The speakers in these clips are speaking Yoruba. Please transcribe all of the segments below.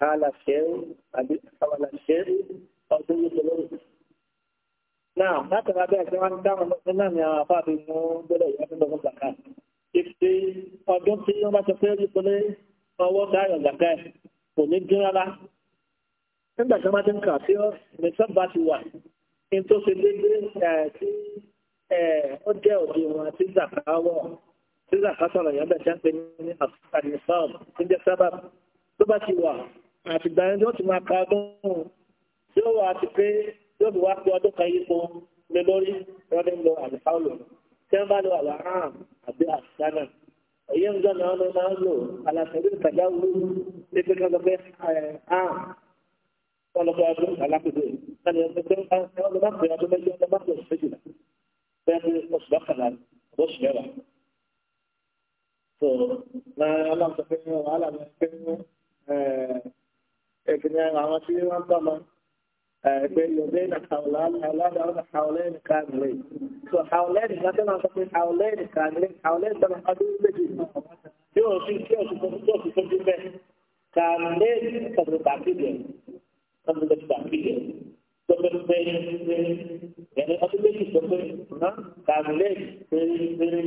حال الشيء أبي حول الشيء أو سيد الأرض نعم هكذا بها كمان كان مسلم يا فاطمة بلي أكيد بقول زكاة إفتي أبيون في يوم أتفير يقولي أو داية زكاة ونين جنالا nígbà tí wọ́n ti ń kà sí ọ́ ní sábà ti wà ní tó ṣe déédéé tí ó jẹ́ òbí wọn àti zakawọ́ tí zakasọ̀rọ̀ yẹn bẹ̀ ṣe ń pè ní àfúkà ní sáàmù tí ń jẹ́ sábà tó bá ti wà àti ìgbà ẹni tí wọ́n ti máa ka ọdún tí ó wà ti pé yóò fi wá pé ọdún kan yípo lé lórí rọ́dẹ̀ ń lọ àlùfáàlù tí wọ́n bá lọ àwọn ram àbí àṣìṣánà èyí ń gbọ́n náà máa ń lò aláṣẹ́bí ìtajà wúlò ní pé kí wọ́n pẹ́ ram wọ́n lọ pé ọdún alákòóso yìí wọ́n lọ bá pè ọdún méjì wọ́n lọ bá pè ọdún méjìlá bẹ́ẹ̀ ni oṣù bákàlà oṣù mẹ́wàá. So, na alam sọ pé wàhálà mi pé ẹ̀kìnrin àwọn tí wọ́n bá ma ẹgbẹ́ yorùbá ní aláàdáwọn haulẹ́ẹ̀nì kàmìlẹ̀ so haulẹ́ẹ̀nì láti máa sọ pé haulẹ́ẹ̀nì kàmìlẹ̀ haulẹ́ẹ̀nì sọ̀rọ̀ adúlé méjì yóò fi kí oṣù tó tó fi tóbi bẹ́ẹ̀ kàmìlẹ̀ sọ̀rọ̀ bàkìlẹ̀ sọ̀rọ̀ bàkìlẹ̀ sọ̀rọ̀ bẹ́ẹ̀ yẹnì ọdún méjì tó pé ná kàmìlẹ̀ péré péré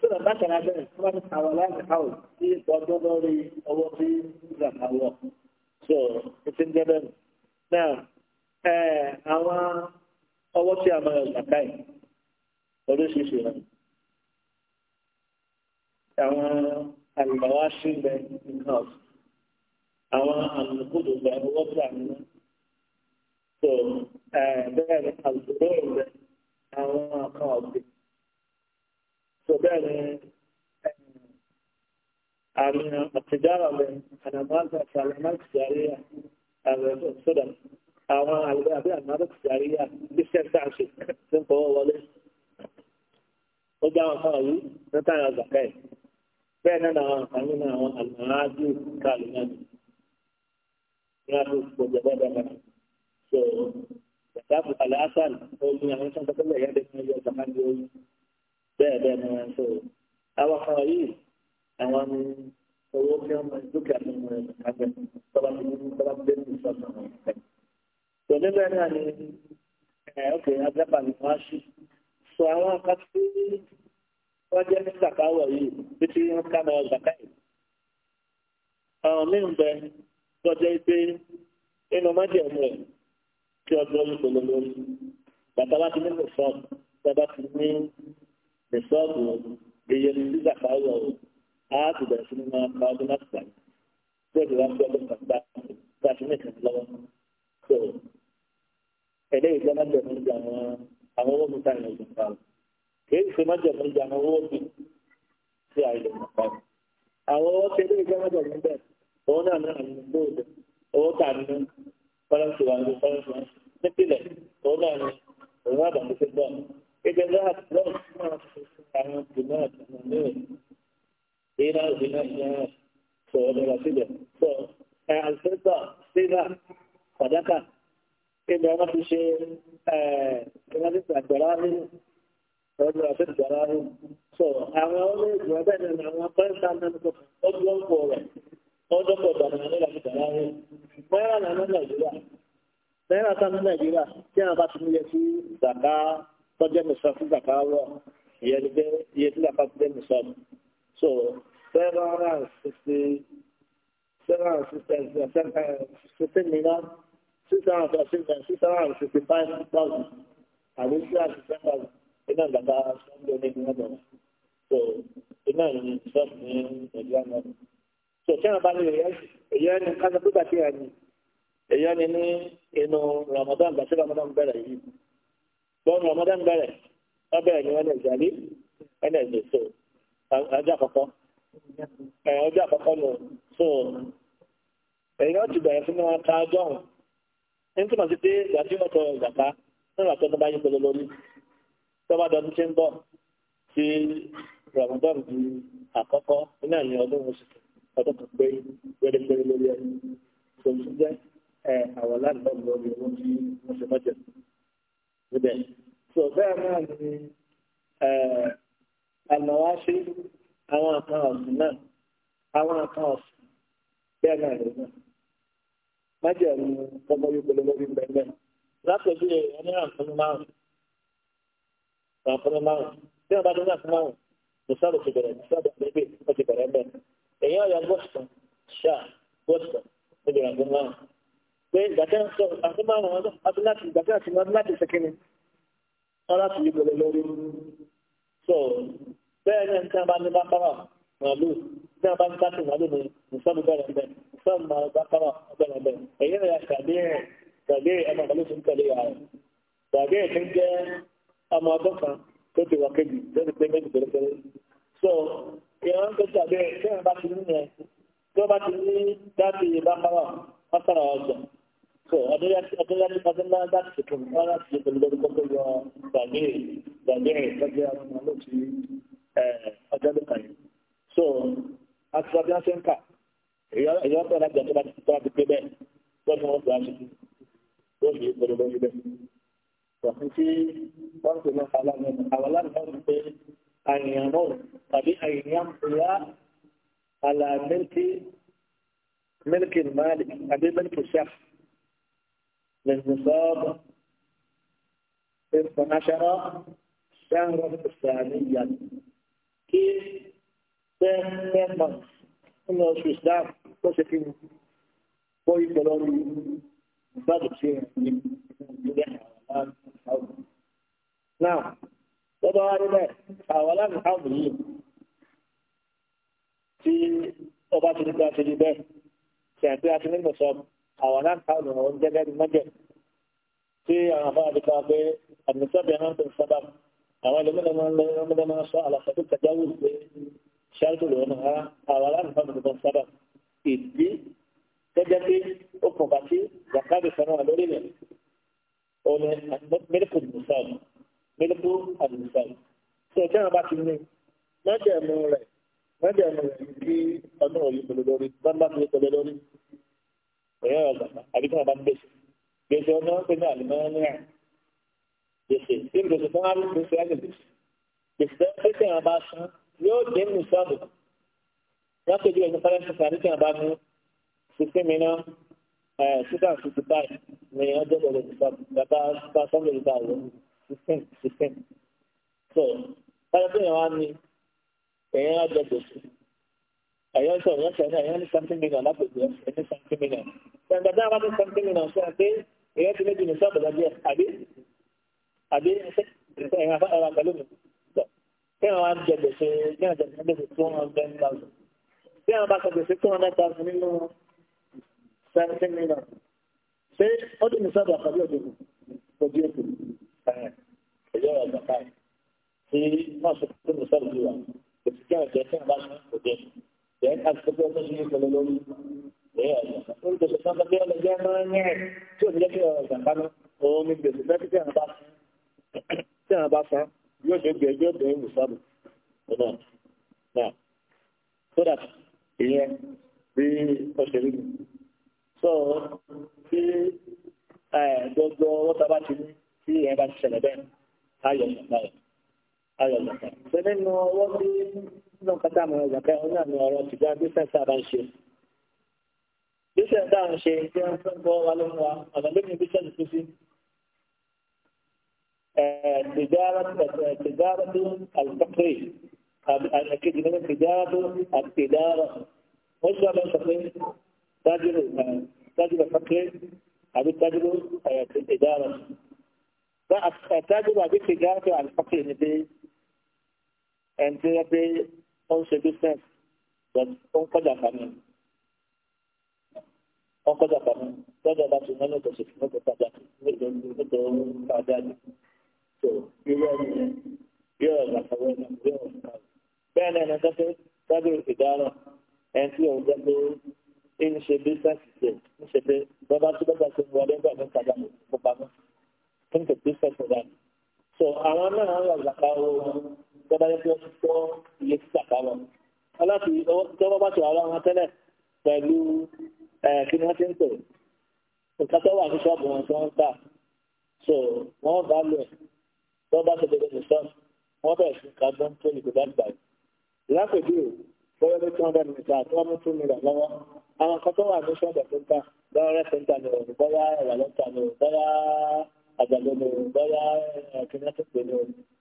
sọ̀rọ̀ bákan abẹ́rẹ́ fún àwọn aláàdáwọn haul sí ọjọ́ lórí ọwọ́ sí ìgbà àwọn ọkọ̀. gẹ́gẹ́ náà eh, àwọn ọwọ́ tí a máa gbà káyì oríṣiríṣi rẹ̀ àwọn àlùbáwá sí ń bẹ àwọn àlùkòdò bẹ owó tí a nínú tó eh, bẹ́ẹ̀ ni àlùkòdò bẹ àwọn nǹkan So bẹ́ẹ̀ ni eh, àmì àtijọ́ àti àríyá. sódà àwọn àlùbẹ́ àbí àmàlùkù jàríyà christian township ti ń fọwọ́ wọlé ó gbá àwọn fáwọn yìí ní táyà zaka ẹ̀ bẹ́ẹ̀ náà àwọn àǹfààní náà àwọn àlùmáàdù káàlù náà ní àdó gbogbo gbọdọ̀ náà so ìsáàbù aláàsàn omi àwọn tó ń tọ́kọ́ lẹ̀ yẹ́dẹ́ fún yọ zaka ní orí bẹ́ẹ̀ bẹ́ẹ̀ ni wọ́n ń sọ àwọn fáwọn yìí àwọn owó tí wọ́n máa dúkìá tó mọ̀ ẹ̀kẹ́ tọ́lá tó mú tọ́lá tó dẹ́nu ìṣọ̀tàn ọ̀kẹ́. tó níbẹ̀ náà ni ọkẹ́ agbábà ni wọ́n á ṣí sọ àwọn akásí wọ́n jẹ́ ní sàkáwọ̀ yìí títí wọ́n ká lọ zàká yìí. àwọn míì ń bẹ tọ́jọ́ pé inú májèmú rẹ̀ kí ọjọ́ yìí kò lọ lórí. bàbá wa ti ní lè sọ́ọ̀bù bàbá ti ní lè sọ́ọ̀bù iye ní zàkáwọ̀ yìí á ti bẹ̀rẹ̀ sí ní máa ka ọdún láti gbà yìí tí èdè wa ń gbọ́ lọ́kàn gbà tá a fi mẹ́ta lọ́wọ́ tó ẹlẹ́yìí gbọ́ májọ̀ mi di àwọn àwọn owó mi táyà ìlú nípa rẹ̀ kì í ṣe májọ̀ mi di àwọn owó mi sí àìlè nípa rẹ̀ àwọn owó tí ẹlẹ́yìí gbọ́ májọ̀ mi bẹ̀ owó náà ní àmì gbòòdò owó tà ní fọlọ́sì wa ní fọlọ́sì wa nípìnlẹ̀ owó náà ní òun àbàmì ṣe gbọ́ ìgbẹ́ lọ́wọ́ àwọn jùmọ̀ àtàwọn mìíràn إلى بناء سؤال الرسيدة الفضة سيدة صدقة إذا ما في شيء كما تسمع الدراهم رجل في الدراهم ọmọ fi dàráhùn náírà náà nàìjíríà So seven hundred and sixty, seven hundred and sixty, seven hundred sixty million, six hundred and sixty, six hundred and sixty-five thousand, and this is six thousand. Iná ìgbàgbà Sunday onígun náà bọ̀. So iná ìlú Trump ní Nàìjíríà náà. So kí wọ́n bá lè rí èyí ẹni kájọ pípa tí a ní. Èyí ẹni ní inú Ramadan gbàtí Ramadan bẹ̀rẹ̀ yìí. Bọ́ọ̀nù Ramadan bẹ̀rẹ̀, wọ́n bẹ̀rẹ̀ ní wọ́n ní ìjàlí, wọ́n ní ìjẹ̀sọ̀ ọjọ́ àkọ́kọ́ ọjọ́ àkọ́kọ́ nù so ẹ̀yìn ọ̀tí bẹ̀rẹ̀ sí ní wọn ká ọgọ́rùn ní túmọ̀ sí pé ìgbà tí wọ́n tọ ìgbàpá nínú àtọ́ tó bá yí pẹ̀lú lórí tó bá dọdún tí ń bọ̀ sí ramadan di àkọ́kọ́ nínú àyìn ọdún oṣù ọdún tó pé gbẹdẹgbẹrẹ lórí ẹni tó ń jẹ́ àwọn láàrín ọ̀gbọ̀n lórí owó tí wọ́n ṣe mọ́jẹ̀ níbẹ̀ so bẹ́ẹ̀ náà ni àlọ́wá ṣe àwọn nǹkan ọ̀sìn náà àwọn nǹkan ọ̀sìn bẹ́ẹ̀ náà ló náà májẹ̀mú ọmọ yóò polówó bí bẹ́ẹ̀ látọ̀jú ẹni àǹfààní márùn àǹfààní márùn tí wọ́n bá dé náà fún márùn kò sábà ti bẹ̀rẹ̀ sábà bẹ́ẹ̀ ó ti bẹ̀rẹ̀ bẹ́ẹ̀ èyí ọ̀yà gbọ́sùn ṣá gbọ́sùn ó bẹ̀rẹ̀ àǹfààní márùn pé gbàtẹ́ sọ àǹfààní márùn wọn láti gbàtẹ́ àti so bẹ́ẹ̀ náà ní sábà ní bákàrà màálù sábà ní káàkiri màálù ni mùsọ́lù bẹ̀rẹ̀ bẹ̀ mùsọ́lù màálù bákàrà bẹ̀rẹ̀ bẹ̀ èyí ni àkàbíyẹ̀ kàbíyẹ̀ ọmọ màálù fún kẹlẹ́ yàrá kàbíyẹ̀ tó ń jẹ́ ọmọ ọdún kan tó ti wà kejì tó ti pé méjì pérépéré so ìran tó ti tí wọ́n bá ti ní yẹn tí bá ti ní bákàrà bákàrà ọjà So other other than other than that, the Kumara is the little bit of the day, the day, the day of Maluchi, So as for the same car, you are you are like the other part of So you see, one thing of Allah, Allah knows the Ayyam, Tabi Ayyam, Allah, Allah, Malik, Abi Milki Shah. للنصاب تسع عشر شهرا إسلاميا كيف تفهم أن الإسلام تشكل كوي كلامي بدر شيء نعم تبارك أولا حاضرين في أبا تلقى تلقى تلقى تلقى تلقى àwọn náà ká lọ wọn jẹgẹ ní mọjẹ tí àwọn afọ àdìgbà pé àdìsọbì náà tó sábà àwọn ẹlẹmọdé máa ń lọ ẹlẹmọdé máa ń sọ àlàfẹtù kẹjáwó pé ṣáàtù lòun náà àwọn aláǹfààní tó sábà ìdí gẹ́gẹ́ bí ó kàn bá sí zakari fẹ́ràn lórí rẹ̀ òní mílíkù nìsáàlì mílíkù àdìsáàlì tí ọjọ́ náà bá ti ní mọ́jẹ̀mú rẹ̀ mọ́jẹ̀mú rẹ̀ kí ọdún òyìnbó lórí bọ́ńbà èèyàn yà gbàgbà àbí tí wọn bá ń gbèsè gbèsè ọmọ wọn pe ní àlùmọ́nìyà gbèsè tí gbèsè tó ń rárá gbèsè á lè gbèsè gbèsè tó ń pèsè àwọn bá san yóò dé ní ìsọ́ọ̀bù wọn pèjú ẹni fẹ́rẹ́ǹsì sàrí tí wọn bá ní fifteen million six hundred fifty five ní ọjọ́ ìgbàlódé ìsọ́ọ̀bù bàbá bá sọ́ọ̀bù ìgbà rẹ̀ fifteen fifteen so fẹ́rẹ́ǹsì yẹn wá ní èèyàn á jẹ gbèsè ẹ̀yọ́ sọ ẹ̀yọ́ sọ ẹ̀yọ́ ní something million lápòjù ẹ̀ ní something million ṣàǹgbà tí a bá ní something million sọ pé ẹ̀yọ́ ti méjì ní sọ́ọ̀bù lọ́jọ́ ẹ̀ àbí àbí ẹ̀yìn afá ẹ̀rọ pẹ̀lú mi sọ kí wọ́n á jẹ gbèsè kí wọ́n jẹ gbèsè two hundred thousand bí wọ́n bá sọ gbèsè two hundred thousand nínú seventeen million ṣé ó dì ní sọ́ọ̀bù àkàbí òdì òdì òdì ẹ̀yọ́ ọ̀gbọ̀n báyìí tí wọ́n sọ pé ní sọ́ọ̀bù yìí wà kò sí kí wọ́n jẹ kí wọ́n bá sọ òdì òdì dan aspek tersebut kalau lori ya untuk sesuatu dia lagi mana tu dia kira kan oh ni dia sudah kita apa kita apa sah dia dia dia dia dia usah betul nah sudah ini di tersebut so di eh dodo apa baca ni si yang baca selain ayo, ayo, ayat selain no wajib nǹkan tá a mọ̀ ẹ̀gbà kẹrin náà ni ọ̀rọ̀ ti gba business tá a bá ń ṣe. business tá a ń ṣe tí wọ́n fẹ́ bọ́ wa lọ́wọ́ wa ọ̀nà lómi business tó sí. tìjáratu àlùfáàkì àkejì nínú tìjáratu àtìdára wọ́n sọ lọ sọ pé tájúrò tájúrò fákì àbí tájúrò tìjára. tájúrò àbí tìjára àlùfáàkì ni pé ẹni tí wọ́n pé ó ń ṣe business but ó ń kọjá fami ó ń kọjá fami lọ́jọ́ bá ti mọ́ lọ́tọ̀ ṣètò lọ́tọ̀ tajà lọ́tọ̀ lọ́tọ̀ tajà tó irú ẹni yóò rà fọwọ́ ẹ̀nà yóò rà fọwọ́ bẹ́ẹ̀ náà ẹ̀nà tọ́pẹ́ tábìlì ìdáná ẹni tí òun jẹ́ pé ń ṣe business ṣe ń ṣe pé bọ́bá tí bọ́bá ti wọlé bá ní tajà lọ́tọ̀ pamọ́ ń ṣe business rẹ̀ so àwọn náà ń rà gbọ́dájọ́ tí wọ́n ti tọ́ iye títà kálọ̀ aláàfin ìjọba bá ti wà láwọn tẹ́lẹ̀ pẹ̀lú kí ni wọ́n ti ń pè nǹkan tó wà ní ṣọ́ọ̀bù wọn tí wọ́n ń tà so wọ́n bá lọ tó bá ṣe dédé ní ṣọ́ọ̀bù wọ́n bẹ̀rẹ̀ sí ká gbọ́n tó ní kò bá gbà yìí lápèjú bóyá bí two hundred mita àti one two mita lọ́wọ́ àwọn kan tó wà ní ṣọ́ọ̀bù tó ń tà bóyá tó ń tà ní òòrùn bóyá ẹ̀wà ló ń tà ní òòrùn bóyá àgbàdo ní òòrùn bóyá kí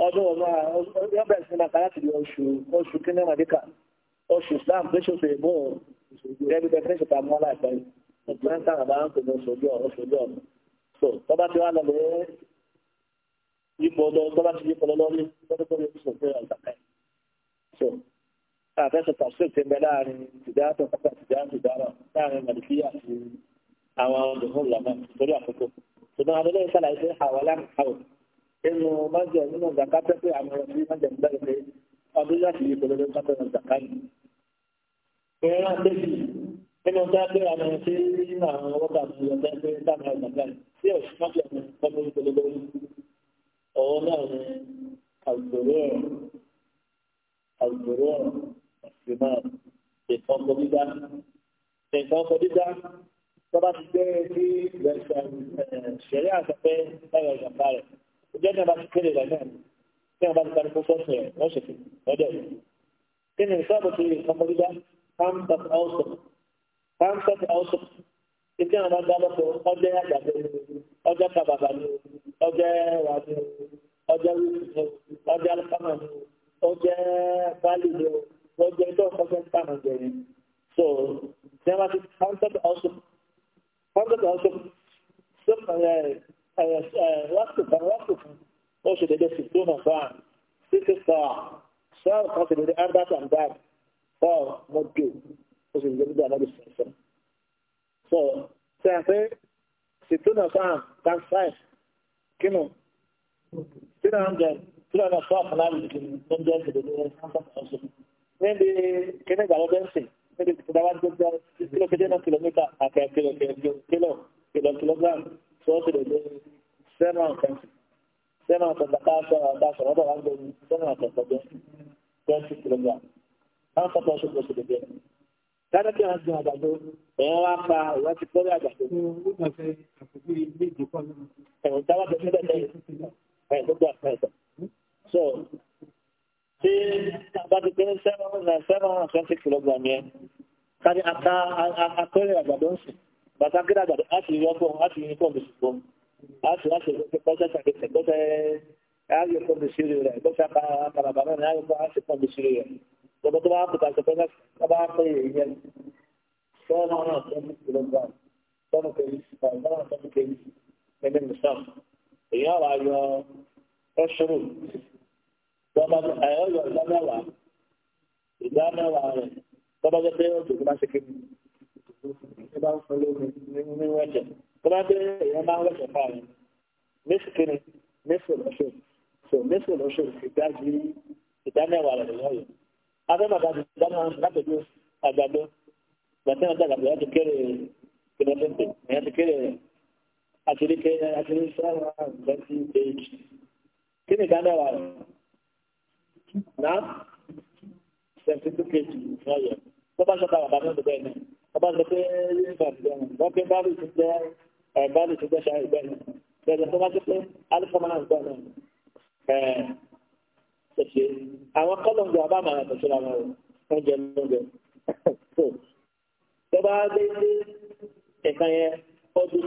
ọdún ọmọ yóò bẹ̀rẹ̀ sí màkà láti di oṣù oṣù kíní màdíkà oṣù islam bí oṣù èbó gẹ́gẹ́ bí definition ta mọ́ láìpẹ́ ìpínlẹ̀ sára bá ń pè ní oṣù ojú ọ̀run so tọ́ba ti wá lọ lé yípo ọdọ tọ́ba ti yípo lọ́lọ́rí tọ́ba tó lè fi sòfin ọ̀dàkẹ́ so àfẹ́sọ̀ tàbí ti bẹ láàrin tìjà tó pápá tìjà tìjà rọ láàrin màdìkíyà àti àwọn ọdún lọ́mọ torí àkókò ṣùgbọ́n adọ́lẹ́ nínú májẹ̀ nínú zaka tẹ́tẹ́ àwọn ọmọ yìí májẹ̀ nígbà pé ọdún láti yí polówó kátó ní zaka yìí. ìrìn àtẹ́jì nínú tẹ́tẹ́ àwọn ọmọ tí nínú àwọn ọwọ́ tà ní ọjọ́ pé táwọn ọmọ zaka yìí tí òṣù májẹ̀ ní ọmọ yìí polówó ọwọ́ náà ní àgbòrò àgbòrò ìmọ̀ ìfọ̀kọ̀ dídá ìfọ̀kọ̀ dídá tọ́ba ti gbé sí ṣẹ̀rí àtọ́fẹ́ ẹ̀rọ ìjàmbá ìjẹ́ ní ọba ti kéde rẹ̀ náà tí ọba ti ta ní pọ́sẹ́sì rẹ̀ wọ́n ṣe fi lọ́dẹ̀ yìí. kí ni ìṣàbò ti rí nǹkan mọ́lídá pamsat ọ̀sùn pamsat ọ̀sùn ìdí àwọn ọba lọ́pọ̀ ọjọ́ àgbàdo ọjọ́ kábàbà ni ọjọ́ ẹ̀wà ni ọjọ́ wíìsì ọjọ́ alápámà ni ọjọ́ báàlì ni ọjọ́ ẹjọ́ ọ̀pọ̀jọ́ pàmò jẹ̀yìn. so ní ọba ti pamsat ọ̀sùn pamsat ọ̀sùn وقت فالوقت ماشي ده ستون ساعة ست ساعة ساعة خاصة ده أربعة أمداد ساعة مدو وش اللي بدأ نبي السلسلة so ساعة ستون ساعة كان ساعة كم ترى عندنا ترى أنا صاف نعمل من جالس بدو نبي كنا جالو بنسي نبي تدور تدور كيلو كده كيلومتر أكيد كيلو كيلو كيلو كيلو كيلوغرام tí wọ́n ti lè lé sẹ́mà kan sẹ́mà kan bàtà sọ̀rọ̀ bá sọ̀rọ̀ bá wà lé kilogram wọ́n sọ pé ọṣù kò sì lè bẹ̀rẹ̀. Kájá kí wọ́n gbin àgbàdo ẹ̀yàn wá pa ìwà ti kọ́rí àgbàdo. Ẹ̀wọ̀n táwọn tó ń bẹ̀ tẹ́lẹ̀ ẹ̀ gbogbo àpẹẹrẹ. So tí àgbàdìgbé ní seven hundred and seven hundred and twenty àgbàdo ń sìn bàtà gíga àgbàdo á sì yọgbọ́n á sì yọgbọ́n mi ṣùgbọ́n á sì á sì gbọ́sẹ̀ ṣàkẹsẹ̀ gbọ́sẹ̀ á yọ pọ́n mi sí rẹ̀ gbọ́sẹ̀ àkàràbà náà á yọ pọ́n á sì pọ́n mi sí rẹ̀ gbọ́dọ̀ tó bá kùtà sí pé ká bá pé ìyẹn tọ́nà náà tó ń kúrò gbà tọ́nà kẹ́yì tọ́nà tó ń kẹ́yì ẹgbẹ́ mùsàm èyí á wà yọ ẹ̀ṣọ́rù ẹ̀yọ́ yọ ìdámẹ́wàá ìdámẹ́wàá rẹ̀ tọ́ba jẹ́ pé tó bá ń fún lómi ní wẹ́jẹ̀ tó bá dé èèyàn máa ń wẹ́jẹ̀ fún àyè méṣù kínní méṣù lọ́ṣọ̀ so méṣù lọ́ṣọ̀ ìdájí ìdámẹ́wàá rẹ̀ lọ́yọ̀ afẹ́bàdà ti dáná látọ̀jú àgbàdo gbàtí wọn dàgbà bóyá ti kéré kìlọ́tẹ̀tẹ̀ ìyá ti kéré àtìríkẹ àtìríṣẹ́ àwọn àgbẹ̀ ti déjì kí ni ìdámẹ́wàá rẹ̀ náà seventy two kg lọ́yọ̀ tó bá ṣọ́ta wà bá náà tó bẹ́ẹ̀ náà ọba sọ pé yunifà lẹ́nu wọ́n pé báàlì ti jẹ́ ẹ̀ báàlì ti jẹ́ ṣáà ìgbẹ́ ni bẹ̀rẹ̀ tó bá ti pé alifọ́mọ́ náà gbọ́ náà ẹ̀ ṣe ṣe àwọn kọ́lọ̀ǹgì ọba àmà àtọ̀ síra wọn o oúnjẹ lóúnjẹ tó tó bá dé sí ẹ̀ka yẹn ọdún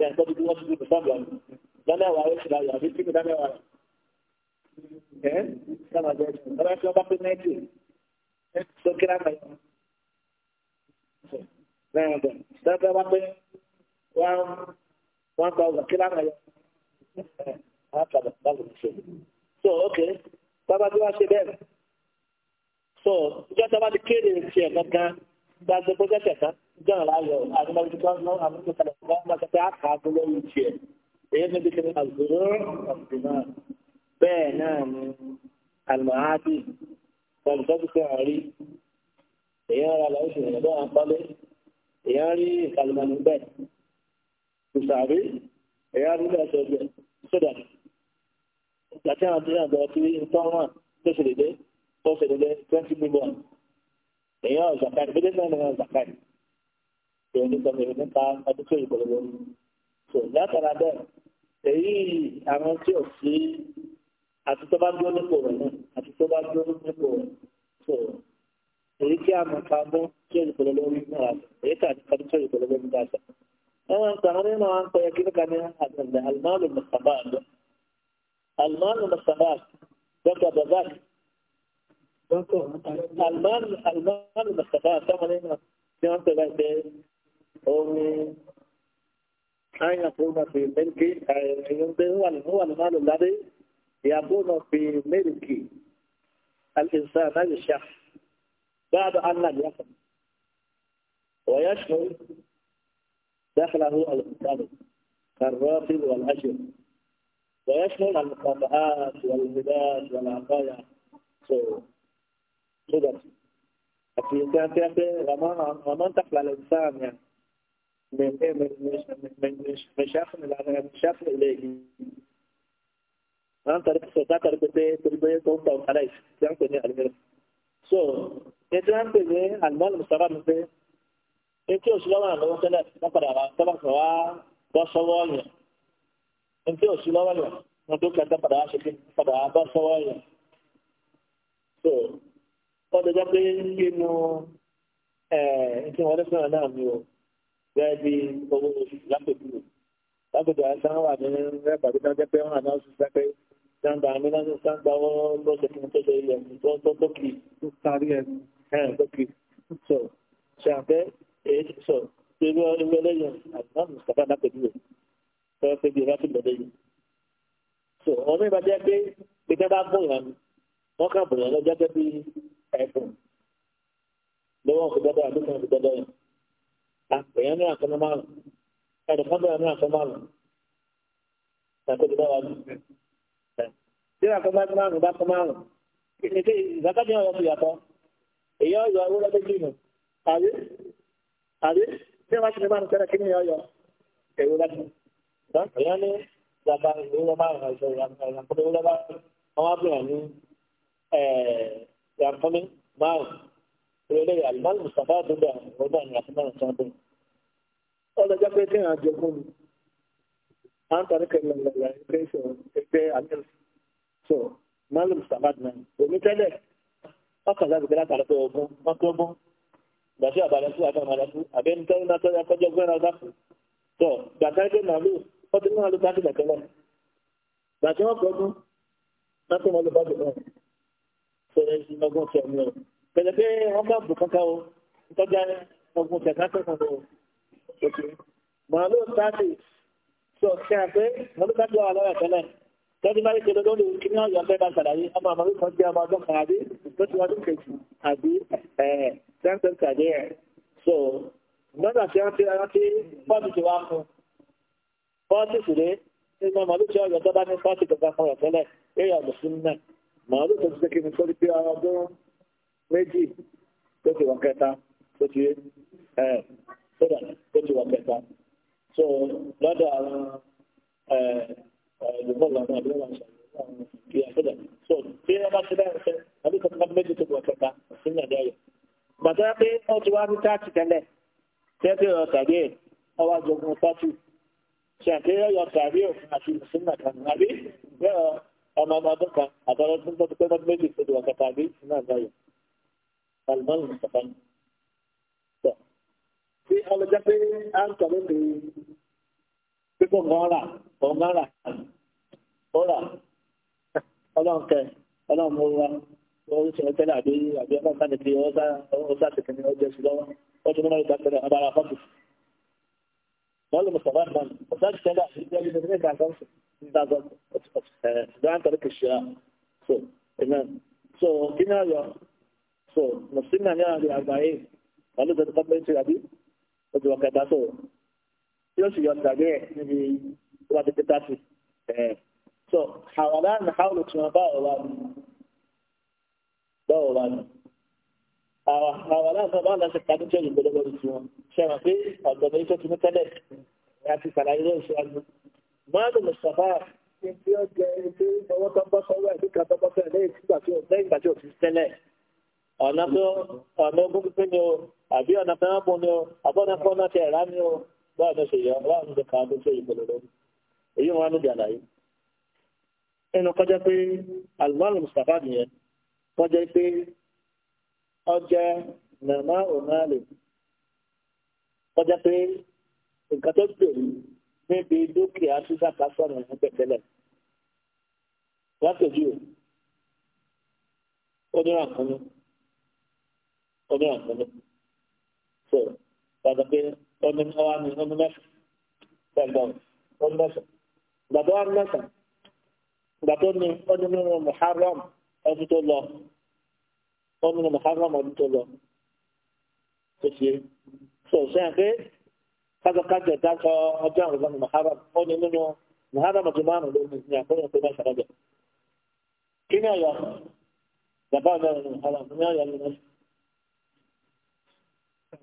seven hundred and dámẹ́wàá ó sì ra yàrá bíi kíkì dámẹ́wàá rẹ̀ ẹ́ sábà jẹ́ ẹ̀sìn ọba tí wọ́n bá pé nẹ́ẹ̀tì tó kíra mẹ́ta lẹ́yìn ọ̀dọ̀ dábẹ́ wá pé one thousand kíra mẹ́ta wọ́n padà báwo ni ṣe so ok bàbá bí wọ́n ṣe bẹ́ẹ̀ so ìjọ tí a bá ti kéde tiẹ̀ gangan gbàgbé pọ́jẹ́tẹ̀ kan jọ̀ọ́ láyọ̀ àdúgbò tí wọ́n ń lọ àwọn tó kalẹ̀ èyí níbi kí ni àgbèrò àgbèrò bẹ́ẹ̀ náà ni àlùmáàdì pọ̀lùtọ́sí pé à ń rí èyí ara lọ sí ìrìn àbọ̀ àpọ́lé èyí á rí ìkàlùmọ̀nì bẹ́ẹ̀ ìsàrí èyí á rí ilé ẹ̀sọ́ bẹ́ẹ̀ sódà láti àwọn tí àgbà tí ń tọ́ tó ṣe dédé tó ṣe dédé twenty million èyí á zàkàrì dédé náà ni wọn zàkàrì èyí ní sọ èyí nípa ọdún tó ìpolówó tó látara bẹ́ẹ̀ èyí àwọn tí ò sí àti tó bá dúró nípò rẹ̀ náà àti tó bá dúró nípò rẹ̀ tó èyí tí a mọ̀ ká mọ́ tí ó ìpele lórí náà èyí tí a ti kọ́ni tí ó ìpele lórí náà sọ. ẹ̀wọ̀n sàrán nínú àwọn akọ yẹ kí ní kàní àtẹ̀lẹ̀ alimáàlù mùsàbáàdù alimáàlù mùsàbáàdù dọ́kà bàbáàdù alimáàlù mùsàbáàdù sọ́kàn nínú tí wọ́n pè láti omi أن يكون في ملكي آه، هو هو المال الذي يكون في ملك الإنسان هذا الشخص بعد أن لم يكن ويشمل دخله المقترض كالراتب والأجر ويشمل المكافآت والهدايات والعطايا so so في كان ومن تقبل الإنسان يعني من من شخص من شخص إليه عن طريق صوتك تربية تربية صوت أو خلاص يعني المرض so ètò à ń pè ní àlùmọ́ọ́nì mùsàlá mi pé etí oṣù lọ́wọ́ àlọ́wọ́ tẹ́lẹ̀ wọ́n padà wá tọ́lá kan wá bọ́ sọ́wọ́ yẹn etí oṣù lọ́wọ́ yẹn wọn tó kẹta padà wá ṣe kí padà so wọ́n dọ́jọ́ pé kí nu ẹ̀ ẹ̀ tí wọ́n gẹ́gẹ́ bí owó lápẹ̀tù lápẹ̀tù àìsàn wà ní rẹ́pà tó dájẹ́ pé wọ́n àná ṣiṣẹ́ pé sáńgbà àmì láti sáńgbà wọ́n lọ́sẹ̀ fún tó ṣe ilẹ̀ tó tó tó kì í kárí ẹ̀ ẹ̀ tó kì í sọ ṣàfẹ́ èyí ti sọ pé bí wọ́n ewé ẹlẹ́yìn àdúrà mùsàlá lápẹ̀tù rẹ̀ tó ṣe bí ìrántí lọ́dẹ yìí. sọ wọn ní ìbàjẹ́ pé pété bá bùn yàn wọn kà bùn yàn lọ́jọ́ gẹ́gẹ́ bí ẹ̀bùn lọ́wọ́ òkú dọ́dọ̀ àdúgbò àpèyàn ní àkànnà márùn ẹnìkan bẹ̀rẹ̀ ní àkànnà márùn ẹ̀kọ́ ti dáwà ní. tí àkànnà bá márùn bá kọ́ márùn kí ni kí ìzàkájọ́ ọ̀rọ̀ ti yàtọ̀ èyí ọ̀yọ́ owó lọ́dún jù nù àbí àbí tí wọ́n bá ti ní márùn tẹ́lẹ̀ kí ni ọ̀yọ́ èyí lọ́dún. èyí ní ìjàmbá ìlú lọ́ márùn àìsọ ìyàkọ́ eléyà lálù sábà dúdà ọgbà ní àfihàn sábà ọlọjọ pé kí wọn jọ fún mi à ń tọ́ni kẹlẹ lọ́la ẹgbẹ́ sọ ẹgbẹ́ amẹ́l sọ lálù sábà dúdà omi tẹ́lẹ̀ ọkàn láti gbé látàrí pé ọgbọ́n wọn tó gbọ́n gbàtí àbàlẹ̀ fún àbá àbàlẹ̀ fún àbẹ́ni tẹ́lẹ̀ náà tọ́jú akọ́jọ́ gbẹ́rẹ́ ọgbà fún sọ gbàtà ẹgbẹ́ màálù wọ́n ti ní wọn ló bá dùn kẹlẹ̀ gbàtí wọ́n kọ́ ọdún wọ́n tó wọn pẹ̀lẹ́ pé wọ́n bá bù kankan o tọ́jà ọgbọ̀n tẹ̀ka tẹ̀kan o òkè màálù táàtì sọ ṣe àpé màálù táàtì wà lọ́wọ́ ẹ̀tẹ́lẹ̀ tọ́jú bá rí ṣe lọ́dọ́ lórí kíní ọ̀yọ́ fẹ́ bá ṣàlàyé ọmọ àmàlù kan jẹ́ ọmọ ọdún kan àbí tó ti wọ́n kejì àbí tẹ́ńtẹ́ń tàbí ẹ̀ so lọ́dà tí wọ́n ti ara tí pọ́ọ̀tù ti wá fún pọ́ọ̀tù sì ré nínú màálù tí ọ̀yọ́ tó bá ní pọ́ọ̀tù tó bá fún ọ̀tẹ́lẹ̀ méjì tó ti wọ kẹta tó ti ẹ so lọ́dọ̀ àwọn ẹ àbí wọn so tí wọn bá ti bá ẹsẹ àbí kankan méjì tó ti kẹta sí nàìjíríà otu pé wọn ti wá ní táàtì tẹ́lẹ̀ tẹ́tí ọ̀rọ̀ tàbí ẹ̀ ọwọ́ àjọgùn pátì ṣàkíyọ̀ yọ tàbí òfin àti ìsúnmọ̀ kan àbí bẹ́ẹ̀ ọmọ ọmọ ọdún kan àtọ́lọ́dún tó ti pẹ́ méjì tó alimami mustapha tọ tí ọlọjà pé à ń sọ̀rọ̀ pé pípọ ngọra ọngọra ọra Ọlọ́run kẹ Ọlọ́run mọ wa wọn sọ tẹ́lẹ̀ àbí àbí ọba sáré tí ọba ọba tètè ní ọjọ́ sí lọ́wọ́ wọn tún náà ìdásẹlẹ abala fọtò mọlẹ mustapha náà ọba tẹ́lẹ̀ àbí ọba tẹ́lẹ̀ ní ìdásẹlẹ so amen so kí ni So muslimna ni ahli arba'in pẹ̀lú ìgbẹ́ tó bẹ́ẹ̀ ti rà bí ó ti wọ́n kẹta so tí ó sì yọ ìgbàgbé ẹ̀ níbi tó bá ti pété sí ẹ̀ so hawala ní hawlu tí wọ́n bá ọ̀ wá ní bá ọ̀ wá ní hawala náà bá lọ́sẹ̀ ká ní tí ó yìí gbọdọ̀ lórí tiwọn ṣe wọn pé ọ̀dọ̀ ní tó ti ní tẹ́lẹ̀ ní a ti sàlàyé lórí síwájú máàlù mustapha ti fi ọjọ́ ẹni tí ọwọ́ tó bọ́ sọ́wọ́ ẹ̀ ọ̀nà tó ọ̀nà ogún pípé ni o àbí ọ̀nà pẹ́rànpọ̀ ni o àbọ̀nà kọ́nà ti ẹ̀rá ni o báwo ni ó ṣe yọ báwo ni ó ṣe kà á tó ṣe ìpele lórí èyí wọn á níbi àlàyé. ẹnu kọjá pé alimọ́ọ̀lù mustapha nìyẹn kọjá pé ọjà nàmá ònàlè kọjá ومئات طيب. من سورة هذا بين ومن أوامر ومن نشر تلقون ومن نشر بدوان نشر بدون من طيب، طيب. محرم أبيت الله ومن محرم أبيت الله تشير سورة شاكي هذا قد ذاك أجان ومن محرم ومن منه محرم جمعنا لأن يكون في نشر أجان كنا يا دبابة من محرم كنا يا من نشر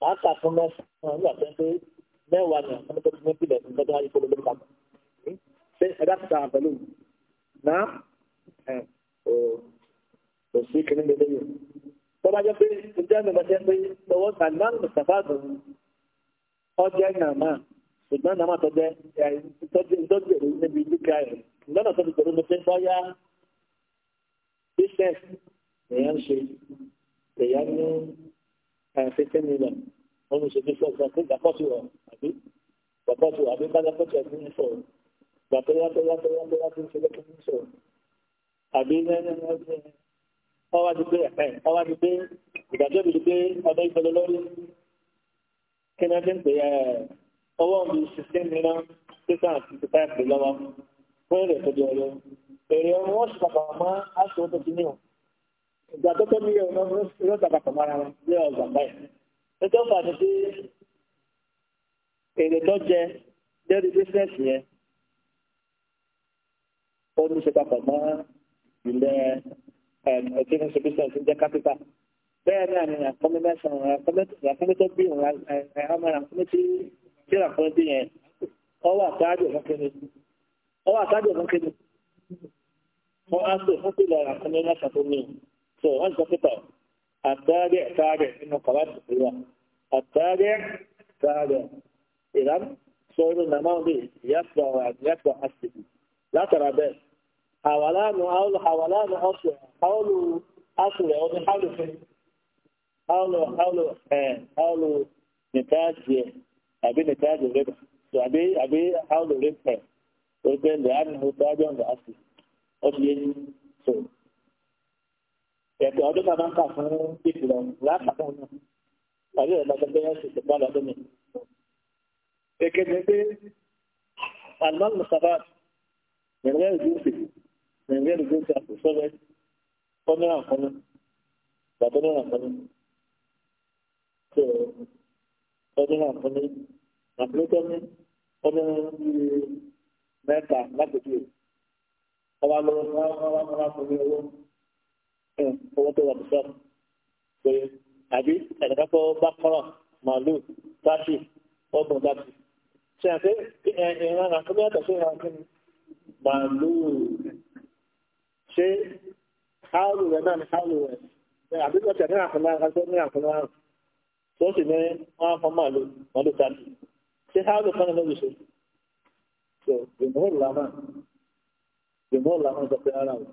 máa kà fún mẹ́sàn-án nígbà tó ń pé mẹ́wàá ni àwọn tó ti ní ìpìlẹ̀ fún tọ́jú ayé polówó papọ̀ ṣé ẹ̀dá ti sàn pẹ̀lú náà kò sí kìnnì lé lóyún tó bá jẹ́ pé ìjẹ́ mi bá jẹ́ pé lọ́wọ́ Salman Mustapha dùn ọjọ́ ẹ̀yìn àmà ṣùgbọ́n tó jẹ́ ìtọ́jú èrò níbi dúkìá rẹ̀ lọ́nà tó ti gbèrú ni pé bọ́yá business èèyàn ṣe èèyàn ní àyàfi ten million wọn ní ṣètò fún ọgbà pé gbàkọ́tù wà àbí gbàkọ́tù àbí gbàdàkọ́tù àbí ń sọ̀rọ̀ gbàtọ́ yàtọ̀ yàtọ̀ yàtọ̀ yàtọ̀ ń ṣe lọ́kọ̀ ń sọ̀rọ̀ àbí ọwọ́ ti gbé ẹ̀ ọwọ́ ti gbé ìdájọ́ ti gbé ọdọ́ ìpẹlẹ lọ́rí kí ni wọ́n ti ń pè ẹ́ ọwọ́ mi sixteen million six hundred fifty five lọ́wọ́ fún èrè tó di ọ̀rẹ́ èrè ọ̀rẹ́ wọ́n ṣe pàpà mọ́ àṣọ tó ti ní ọ̀ ìgbà tó tọ́ nílé ọ̀nà ìrọ̀ tàbàtà mara wọn lé ọgbà báyìí nítorí wọn ni pé èrè tó jẹ lórí bísíǹsì yẹn ó ní ṣe papọ̀ mọ́ ilẹ̀ ẹ̀ẹ́dẹ́gbẹ̀sì bísíǹsì jẹ́ kápítà bẹ́ẹ̀ náà ni àkọ́mẹ́mẹ́sàn àkọ́mẹ́tọ́ bí òun ọmọ àkọ́mẹ́tì tí àkọ́mẹ́ bí yẹn ọwọ́ àtàdé ọ̀fún kéde ọwọ́ àtàdé ọ̀fún kéde wọ́n á sọ fún pílọ̀ àkọ́mẹ́mẹ́sàn tó ní ìlú so wọ́n sọ pípọ̀ àtàbẹ̀ tàbẹ̀ nínú kọ̀wáàtì ìwà àtàbẹ̀ tàbẹ̀ ìlànà sọ̀rọ̀ nàmáwọn bíi yàtọ̀ yàtọ̀ àṣìbì látara bẹ́ẹ̀ حولان حول حولان أصل حول أصل أو حول في حول حول حول نتاج أبي نتاج الربح أبي أبي حول الربح وبين لأنه تاج لأصل أصل ẹ̀tọ́ ọdún náà máa ń kà fún ìpìlọ̀ láàpapọ̀ náà tàbí ẹ̀rọ lọ́gbẹ́gbẹ́ ẹ̀sìn tó bá lọ́dún mi. Èké ni pé Alman Mustapha Nàìjíríà ìgbésẹ̀ Nàìjíríà ìgbésẹ̀ àkùsọ́rẹ́ kọ́nẹ́rà kọ́nẹ́ gbàdọ́nẹ́rà kọ́nẹ́ tó kọ́nẹ́rà kọ́nẹ́ àpilẹ́tọ́ ní kọ́nẹ́ mẹ́ta lápẹ̀jù ọba lọ́wọ́ ọba lọ́wọ́ fún mi owó owó tó wà ní sọ́ọ̀bù pé àbí ẹ̀dẹ̀ká fọ́ bákọ́rọ̀ màálù táṣì ọgbọ̀n táṣì ṣe àti ìran àkọ́bí yàtọ̀ sí ìran kí ni màálù ṣé áàlù rẹ̀ náà ni áàlù rẹ̀ àbí kọ́tì ní àkùnrin àkàtọ́ ní àkùnrin àrùn tó sì ní wọ́n á fọ́ màálù màálù táṣì ṣé áàlù kan náà ló ṣe ìmúhùn làmà ìmúhùn làmà sọ ara wọn.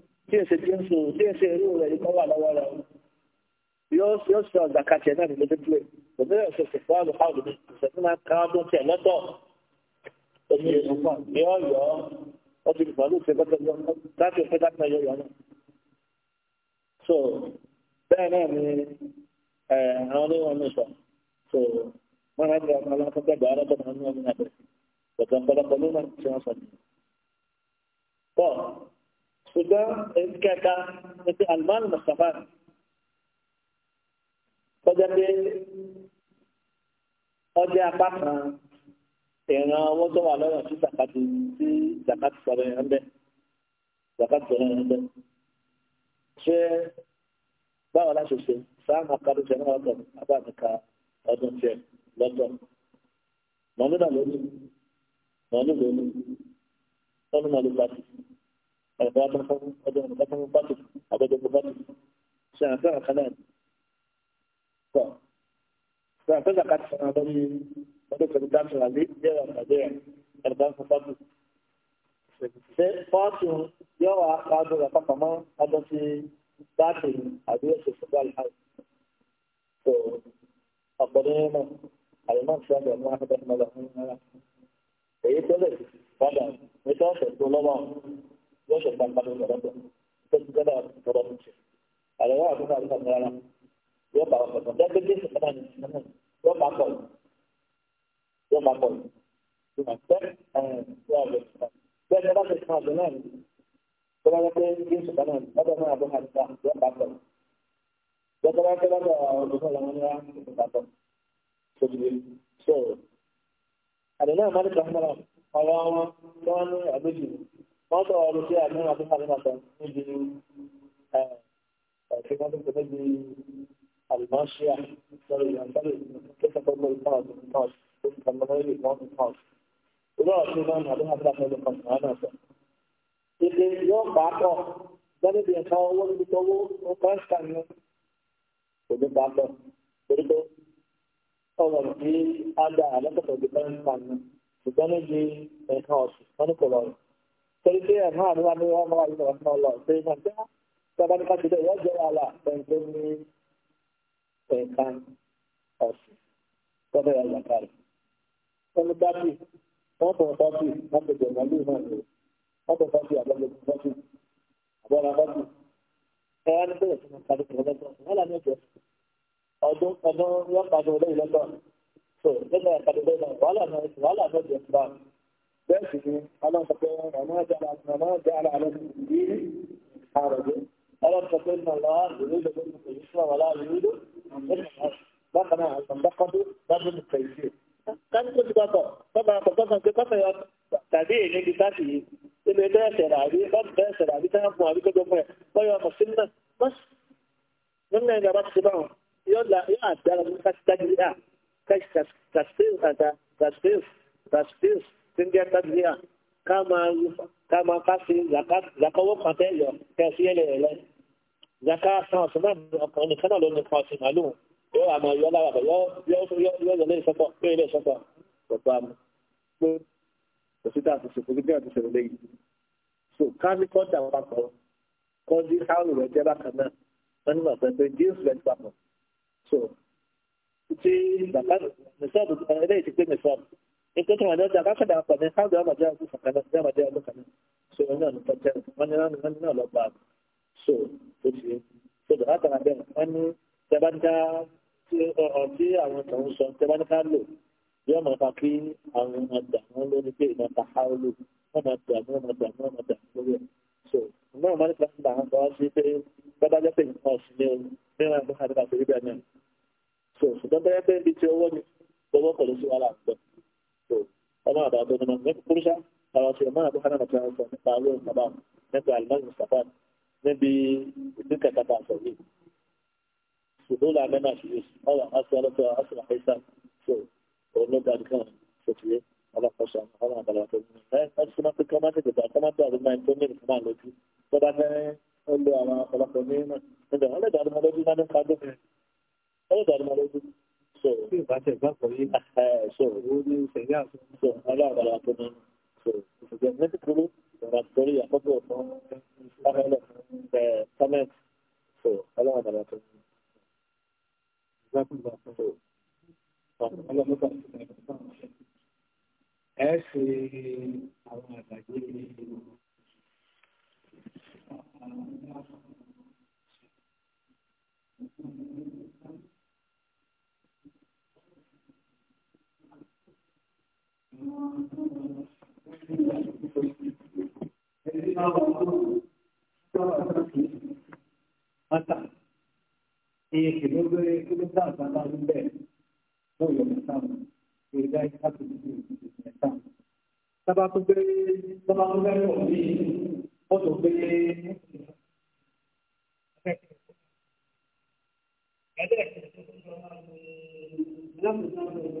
tí èsè tí ń sùn tí èsè irú rẹ̀ yìí kọ́ lọ́wọ́ rẹ̀ yóò yóò sọ ẹ̀ náà ní lójú pé òbí rẹ̀ ṣe ṣètò àlù àlù ṣe fún máa ká ọdún tiẹ̀ lọ́tọ̀ omi ìlú kan ní ọ̀yọ́ ó ti gbọ́n lóṣè gbọ́dọ̀ láti òfin dákẹ́ yóò yọ náà. so bẹ́ẹ̀ náà ni àwọn oníwọ̀n mi sọ so wọ́n á gba ọmọ aláǹkọ́ gbàgbọ́ alábọ̀ náà náà bẹ̀rẹ̀ ṣùgbọ́n èyí kẹta ní ti alimami mustapha kọjá pé ọjà apá kan ìran owó tó wà lọ́rùn sí zakati sí zakati sọ̀rọ̀ yẹn bẹ́ẹ̀ zakati sọ̀rọ̀ yẹn bẹ́ẹ̀ ṣé báwo la ṣe ṣe sáàmù akadé ṣe náà ọkọ̀ abáàmìka ọdún tiẹ̀ lọ́tọ̀ mọ̀nínà lónìí mọ̀nínà lónìí mọ̀nínà ló bá القوات الخوف أدنى مقاتل مقاتل أبدا مقاتل سافع خلال فاعتزقت بني ملك الدافع العزيز يرى الرضيع أربعة فاطمة فاطمة يرى قادر فاطمة هذا في داخل أبيات الصباح الحرب فأبرينا الإمام شاهد الله رحمه الله èyí tẹ́lẹ̀ padà ní káàkiri tó lọ́wọ́ wọ́n ṣe gbangba lórí ọ̀dọ́dọ̀ ìtọ́jú gbọ́dọ̀ ìtọ́dọ̀ tó ṣe àlọ́ wà fún àwọn ọ̀dọ́ rárá yóò bá ọkọ̀ tó dẹ́gbẹ́ dé sọ̀tọ́ náà nìyí yóò bá pọ̀ yóò bá pọ̀ yóò bá pẹ́ yóò bá pẹ́ bẹ́ẹ̀ ni wọ́n ṣe fún àgbẹ̀ náà tó bá yẹ pé dé sọ̀tọ́ náà lọ́dọ̀ náà àbọ̀ máa ta yóò bá pọ̀ lọ́dọ̀ bá pẹ́ lọ́dọ̀ ọ̀dọ̀ náà làwọn ní wá yóò bá pọ̀ àlọ́ náà má wọ́n sọ ọ̀rọ̀ sí àmì àti kàlímàtà níbi ẹ̀ẹ́dẹ́gbẹ́ tó tó níbi àlùmáṣíà lọ́rọ̀ ìyàntọ́lẹ̀ kẹsàn-án tó lọ́rọ̀ pọ́ọ̀t pọ́ọ̀t tó ti kàn lọ́rọ̀ ìlú pọ́ọ̀t pọ́ọ̀t. olóòrò sí náà àbí àti kàlímàtà lọ́rọ̀ pọ́ọ̀t náà náà sọ. ìdè yóò bá kọ́ gbọ́dọ̀ bí ẹ̀ka owó níbi tó owó ó kọ́ ẹ̀ka ni kò ní bá kọ́ torí pé ọ̀rọ̀ tí á dá àlọ́kọ̀tọ̀ iṣẹ́ náà ni wọ́n ní wọ́n máa ń lọ ọ̀nà lọ ṣe é kàńtà sábà ní káṣídẹ̀ ìwọ́n jẹ́ wàhálà pẹ̀lú ní ẹ̀ka ọ̀sìn tọ́lẹ̀ yà yàtà rẹ̀. Ẹni dábì wọ́n tọ̀ dábì wọ́n tọ̀ jẹ̀mọ́ lù náà ni wọ́n tọ̀ dábì àbọ̀lẹ̀ dábì àbọ̀lẹ̀ dábì. Ẹ wá ní bẹ̀rẹ̀ sí ní kárí kìlọ̀ lọ́tọ̀ wọ́n là ní ọjọ́ ọdún ọdún yọ̀ọ́ bẹ́ẹ̀ sì ni aláǹtọ̀pẹ́ ọmọdéjàlá alẹ́sìnkì àròjẹ́ aláǹtọ̀pẹ́ ìnàlá lórílẹ̀ lórí ìpèyí fún àwọn aláàrúdó bákan náà àtàndàkọ́dó lábẹ́ ìpèyí sí. káni tó ti gbàgbọ́ bàbá àkọ́kọ́ kan pé kọ́sẹ̀ yọ tàbí èyí níbi káàkì yìí ilé tẹ́ ẹsẹ̀ ràbí bọ́ọ̀lù tẹ́ ẹsẹ̀ ràbí tẹ́ ẹ̀fọn àbí kọjọ fún ẹ̀ bọ́yọ̀ ọmọ sí náà bọ́sì nínú ẹ̀ ìjọba ti ṣe báwọn yóò àdára fún kásítájú náà kásítájú tí ń jẹ́ tàbíyà ká máa ká sí zakawó kan tẹ́ yọ tẹ́ sí ẹlẹ́ rẹ̀ zaka san ọ̀sán náà ọkàn nìkan náà ló ní kan ọ̀sìn màálù yóò àmọ́ yọ lára bọ̀ yóò yọ lẹ́yìn sọ́tọ̀ yóò lẹ́yìn sọ́tọ̀ bàbá mi pé kò sí dáa tuntun kò sí dáa tuntun lẹ́yìn so ká ní kọ́ dà papọ̀ kọ́ dí káwọn rẹ̀ jẹ́ bákan náà wọ́n ní màtọ́ pé díẹ̀ so ti bàbá mi sọ́ọ̀bù ẹlẹ́yìn ti pé mi sọ́ọ̀bù ita ce wajen da baka da amfani har da ma jawo kusa kana da ma jawo kana so wannan nan tantar wannan nan nan nan la ba so to ce so da haka da wani da ban da ti o ti àwọn tó sọ te ban ka lo yo ma fa ki àwọn adda wọ́n lo ni pe ma ta hawlu ma da ma ma da ma ma da so no ma ni ta da ha so si pe ba da ja pe o si ni o ni ma ba ha da ba se ba ni so so da ba ya pe bi ti owo ni gbogbo pẹ̀lú sí wàhálà àgbẹ̀ طبعا بعض من من كل شيء خلاص ما أبو حنا مثلا تعالوا طبعا نبي على المجلس طبعا نبي تلك تبع سوي سدول على ما شيء هذا أصل أصل حساب سو ونو بعد كم سوي هذا خش هذا بلا تقول أصل ما تكمل تبع كمان تعالوا ما يمكن كمان لو طبعا اللي على خلاص منين هذا هذا دار مالوجي ما نقدر هذا دار مالوجي so bí o bá tẹ̀ bá kọ̀ yí eh, so o ní sẹ̀yà so aláàbàlà tó ní so ìṣèjọba ní kúrú ìrọ̀lá torí àkọ́kọ́ fún kámẹ́lẹ̀ ẹ̀ kámẹ́t so aláàbàlà tó ní. ẹ ṣe àwọn àgbàdo Thank you. Mata. Iye kidogo kidogo sana mbele. Ndio yamesamu. Ilidai tatu yamesamu. Sababu be sababu be kwa nini? Oto be Alafu sasa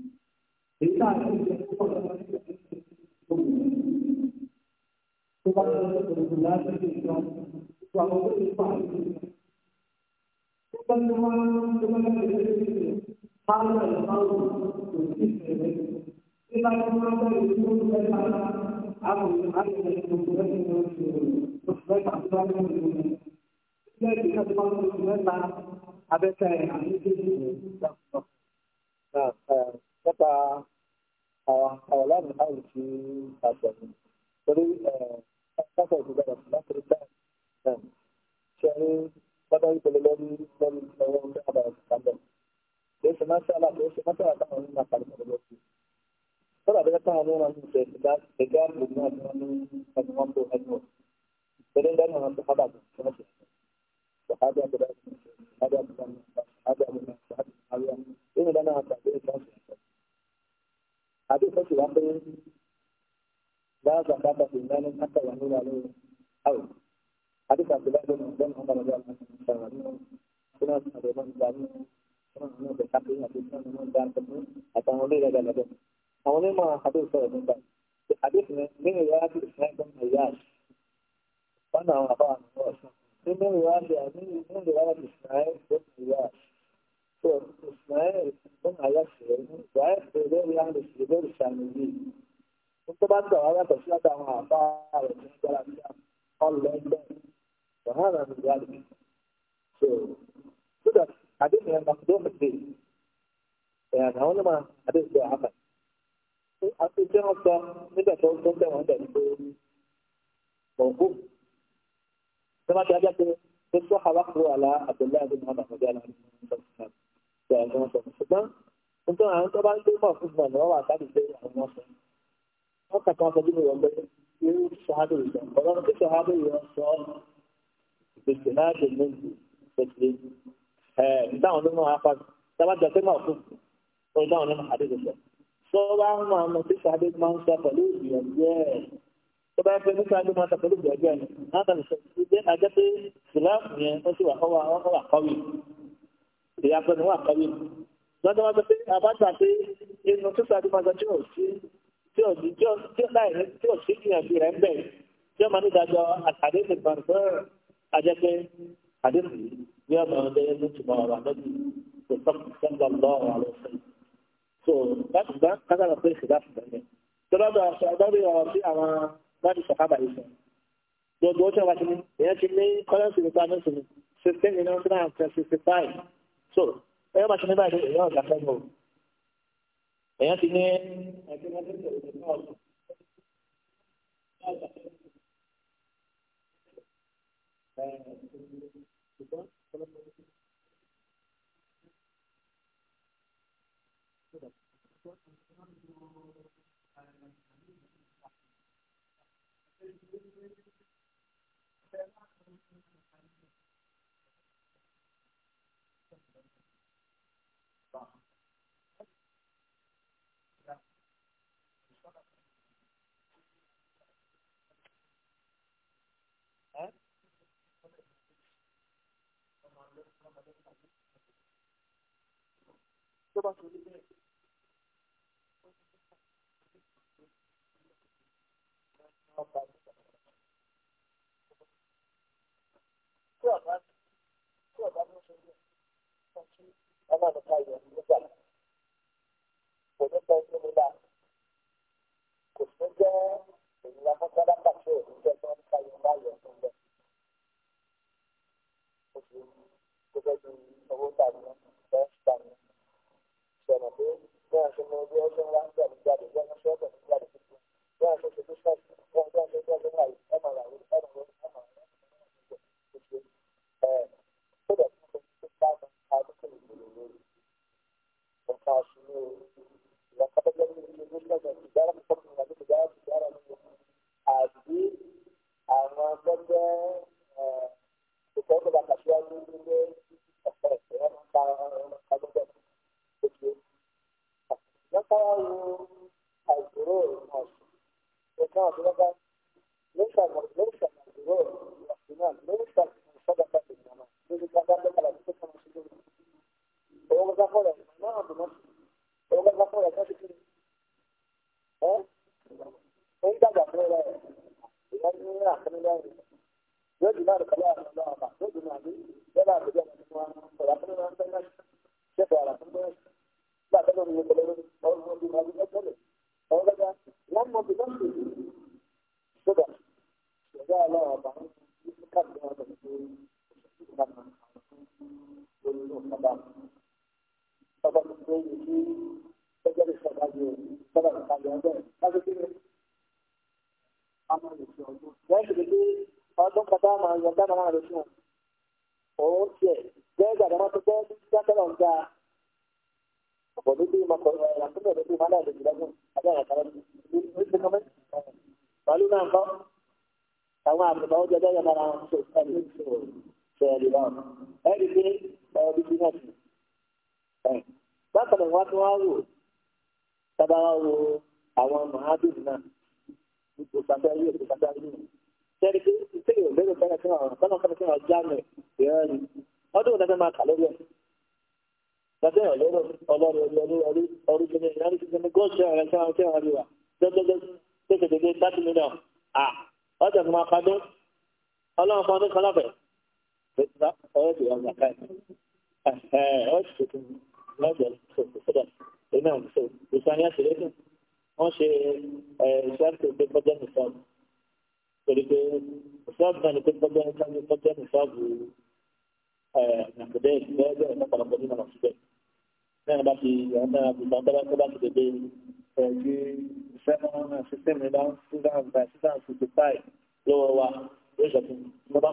èyí náà ló ń jẹ púpọ̀ lọ́wọ́ nígbà tó ń bọ̀ tó bá lọ sí òkú láti lè sọ tó àwọn tó ti pa àti tó bá ní wọn tó bá lọ sí òkú lè bá lọ sí òkú kò sí ìṣẹ̀lẹ̀ tí bá ní wọn bá lọ sí òkú lè bá lọ àwọn àti ìṣẹ̀lẹ̀ tó lọ sí òkú tó lọ sí àti wọn lọ sí òkú ilé ìgbésẹ̀ tó bá lọ sí mẹ́ta abẹ́tẹ̀ àti ìṣẹ̀lẹ̀ tó lọ sí òkú. 那呃，那个。àwọn ọ̀lànà báyìí ti àgbẹ̀mí torí ẹ̀ẹ́dẹ́gbẹ̀rún ìgbàlá láti rí báyìí ṣe ní bọ́dá ìpele lórí lórí ọwọ́ ń bá àbàrà ìsàlẹ̀ kìí ṣe mọ́ṣálà kìí ṣe mọ́ṣálà táwọn ní ma pàdé pàdé lọ́sí tọ́lá bẹ́ẹ̀ táwọn ní wọn ní ṣe ẹ̀gá àgbègbè náà ni wọ́n ní ẹni wọn tó ẹni wọn pẹ̀lú ìdáná Ada sesuatu yang Bahasa kata bimbang atau yang lalu Aw Ada satu lagi dan Umar Rasulullah SAW Kuna ada orang baru Kuna ada berkati Ada orang dan temu Atau orang yang ada lagi Awalnya mah hadis saya bimbang Hadis ini Ini riwayat Ismail bin Ayyad Mana apa Ini riwayat Ini riwayat Ismail bin Ayyad So Ismail fún àyàṣẹ́ Ismail ṣe lórí àrùn ṣe lórí ṣàmìlì. Mo tó bá tọ̀ ọ́ yàtọ̀ sí láti àwọn àbá rẹ̀ tó ń gbára sí ọlọ́gbẹ́. Wàhálà mi wà lè. So so that àdéhùn ẹ̀ máa tó mèdè. Ẹ̀yà àwọn ọlọ́mọ àdéhùn ṣe àbà. Àti tí wọ́n sọ nígbà tó tó tẹ̀wọ̀n tẹ̀ pé òkú. Sọ́mọ́tì ajá pé bin Muhammad Mujahid tó àwọn tó bá ń gbé mọ̀ fún ìgbà náà wà sábì pé àwọn wọn sọ wọn kàkà sọ bí mo wọ bẹ́ẹ̀ irú sàádé ìjọ ọlọ́run tó sàádé ìjọ sọ ìpèsè náà dè ní ìpèsè ẹ ìdáhùn nínú afa sábàjà pé mọ̀ fún ọ ìdáhùn nínú àdéhùn sọ sọ́wọ́ àwọn ọmọ tí sàádé máa ń sọ pẹ̀lú ìgbìyànjú ẹ̀ tó bá fẹ́ nípa ló máa ta pẹ̀lú ìgbàgbé àná náà ní sọ́kùnrin lọ́dọ̀ wá sọ pé àbájá pé inú títà tó máa sọ tí ò sí tí ò sí tí ò sí láì ní tí ò sí ìyànjú rẹ̀ ń bẹ̀ tí ó máa ní ìdájọ́ àdéhùn ìbànújẹ́ àjẹpẹ́ àdéhùn bí ọmọ ọdẹ ló ti mọ ọ̀rọ̀ àdóbi tó sọ́kùnrin lọ́wọ́ àlọ́ sí. so láti gbá kákàlà pé ìṣèlú àfihàn yẹn tó lọ́dọ̀ àṣọ àdóbi ọ̀rọ̀ sí àwọn láti sọ̀kábà yìí sọ. gbogbo ó tẹ̀ wá sí ni èèyàn ti ní kọ́lẹ́sì so ẹ̀yọ́ máa ṣe ní báyìí ẹ̀yọ́ ọ̀gá fẹ́ lọ. ẹ̀yọ́ ti ní Thank you. bá tó bá yẹ bẹ́ẹ̀. Oṣù sọ̀rọ̀ pé náà kọ́ àwọn àgùntàn ó jẹ bẹ́ẹ̀ bára wọn tó ẹni tó ẹni lọ́wọ́ ẹni pé ẹ̀rọ bíbí náà sì bákan náà wọ́n tún wá wò sábà wá wo àwọn mahadum náà ipò pàtàkì ipò pàtàkì nìyẹn sẹ́ni pé ìtẹ́lẹ̀ ò lérò bẹ́ẹ̀ fún àwọn kọ́nà kọ́nà kí wọ́n já mẹ́ ìran ni ọdún òun máa kà lórí ẹ̀ lọ́dún ẹ̀ lérò ọlọ́run orí orí orí orí kìíní ìran ní kìíní gọ́ọ̀sì ẹ̀rẹ́ kí wọ́n kí wọ́n rí wa dẹ́gbẹ́gbẹ́ tẹ́tẹ̀tẹ̀tẹ̀ thirty million à ọjà tó máa kadún ọlọ́run kan ọdún kan lọ́fẹ̀ẹ́ ọ̀rọ̀ ti ọjà ká ẹ̀ ọ̀sẹ̀ tó lọ́jọ́ sọ̀tọ̀ iná ọ̀sẹ̀ ìsànìyà ṣẹlẹ̀ wọ́n ṣe ìṣàkóso pé kọjá nìkan torí pé ìṣàkóso náà ni pé kọjá nìkan ni kọjá nìkan bù àkùdẹ́ ìgbẹ́ ẹgbẹ́ ọ̀pọ̀lọpọ̀ nínú ọ̀sẹ̀ náà bá ti ọ̀nà àbùsàn tó bá ti dé pẹ̀lú sẹ́mọ́nà sísẹ́mì bá ń sísá àgbà sísá àfùtù báyìí lọ́wọ́ wa yóò ṣàtún ní bá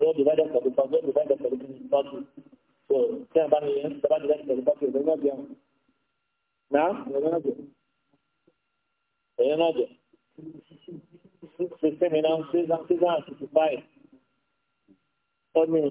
yóò dìbà dẹ̀ pẹ̀lú bá yóò dìbà dẹ̀ pẹ̀lú bí bọ́ọ̀tù tó sẹ́mì bá nìyẹn dìbà dẹ̀ pẹ̀lú bọ́ọ̀tù ìlú náà bíyàn. Nà ìlú náà jẹ. Ìlú náà jẹ. Sísẹ́mì náà ń sísá àfùtù báyìí. Ọdún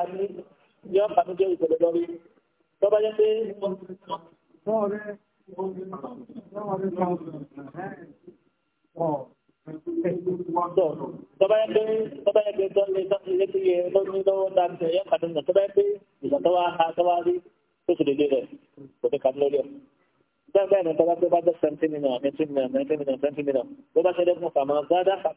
a ní yọ bànújẹ́ ìṣẹ̀lẹ̀ lórí tó bá jẹ́ pé tọ́ba yẹ pé tọ́ba yẹ pé tọ́lé tọ́lé tó yẹ lọ́dún lọ́wọ́ dáadé yẹ kàdé nà tọ́ba yẹ pé ìgbà tọ́wọ́ ha tọ́wọ́ rí tó sì dédé rẹ̀ kò ní kàdé lórí ẹ̀. bẹ́ẹ̀ bẹ́ẹ̀ ni tọ́ba tó bá jẹ́ seventeen million nineteen million nineteen million twenty million tó bá ṣẹlẹ̀ fún fàmà gbádà fà